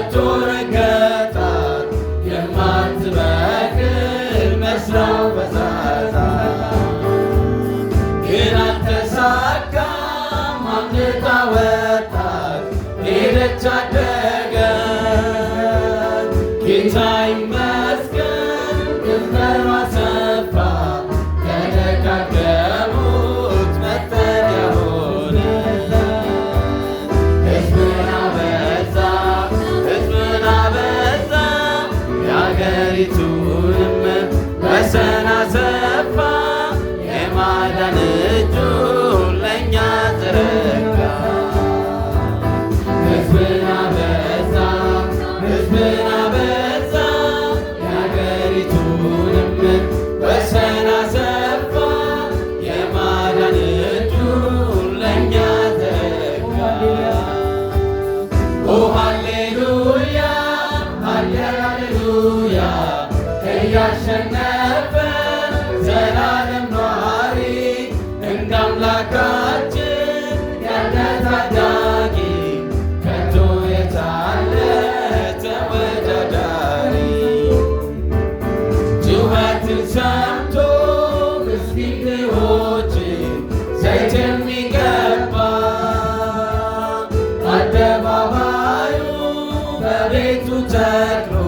adorei. ተቀምቶ ከፊቴዎች የሚቀባ አደባባዩ በቤቱ ተክሎ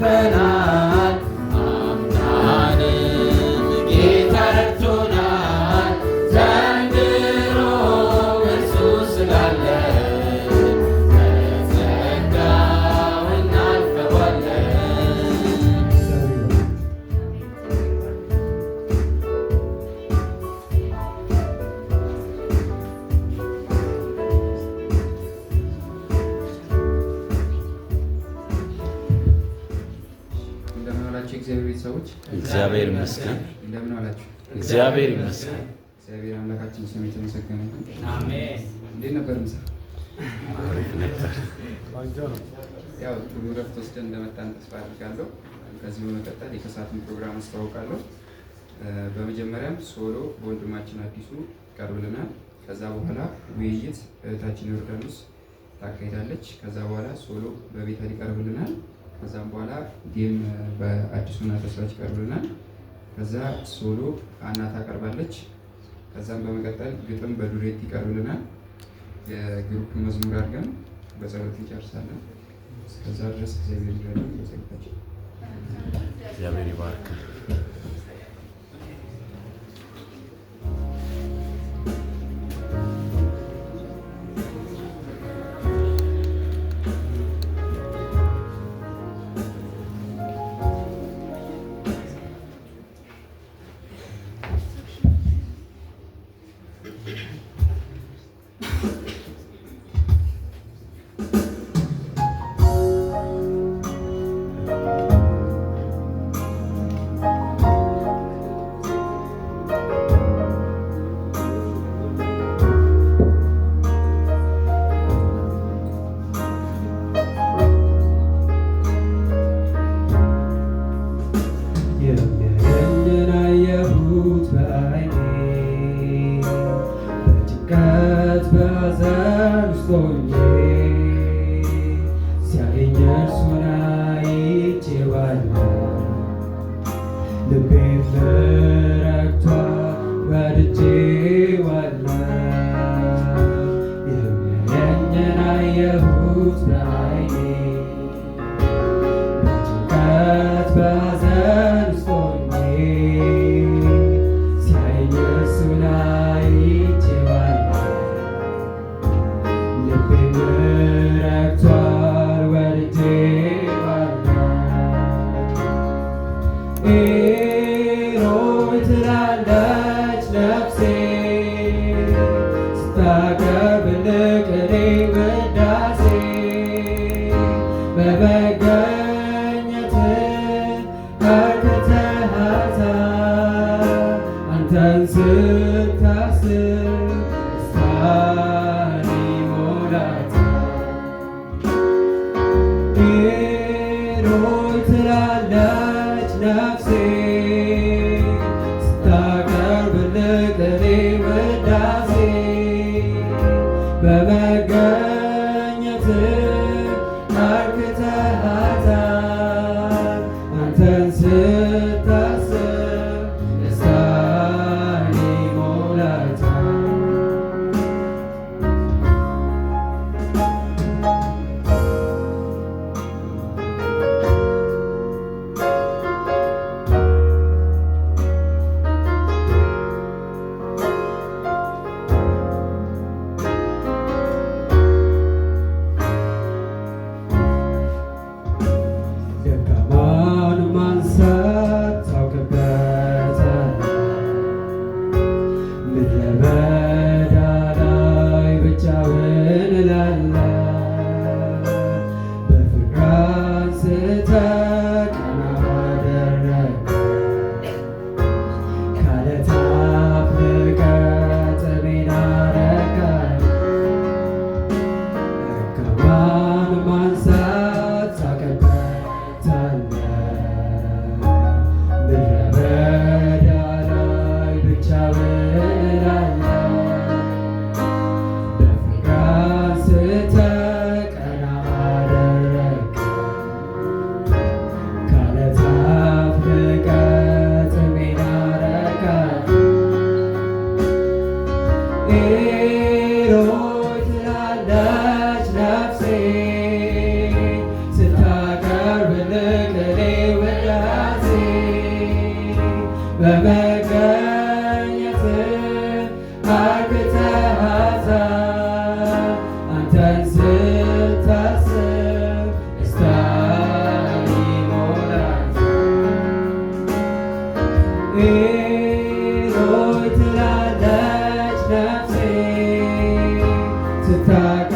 weapon I እግዚአብሔር ቤተሰቦች እግዚአብሔር ይመስገን። እንደምን አላችሁ? እግዚአብሔር ይመስገን። እግዚአብሔር አምላካችን ስም የተመሰገነ አሜን። እንዴት ነበር ምሳ? ያው ጥሩ ረፍት ወስደን እንደመጣን ተስፋ አድርጋለሁ። ከዚህ በመቀጠል የከሰዓቱን ፕሮግራም አስተዋውቃለሁ። በመጀመሪያም ሶሎ በወንድማችን አዲሱ ይቀርብልናል። ከዛ በኋላ ውይይት እህታችን ዮርዳኖስ ታካሂዳለች። ከዛ በኋላ ሶሎ በቤታ ይቀርብልናል። ከዛም በኋላ ጌም በአዲሱ እና ተስፋች ቀርብልናል። ከዛ ሶሎ አና ታቀርባለች። ከዛም በመቀጠል ግጥም በዱሬት ይቀርብልናል። የግሩፕ መዝሙር አድርገን በጸሎት እንጨርሳለን። እስከዛ ድረስ እግዚአብሔር ይረዳል። በጸሎታችን እግዚአብሔር ይባርክ። ልቤን ዘረግቷል ወድጄዋለሁ የሚያየኝን አየሁት በዓይኔ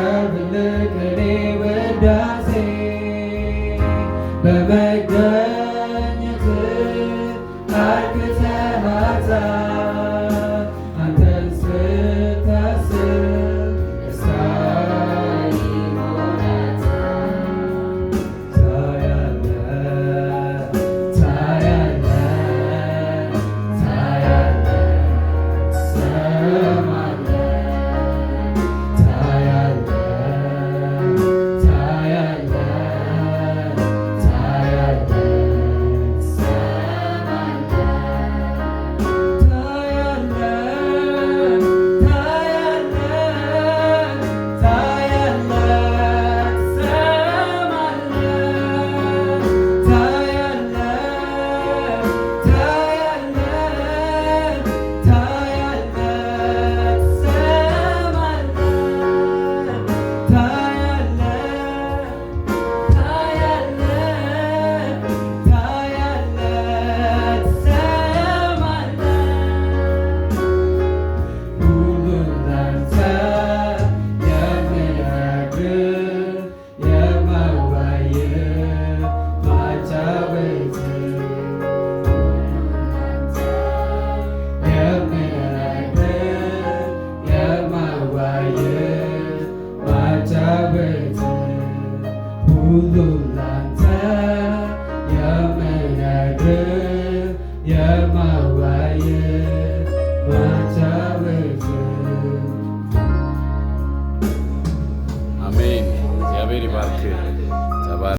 I will look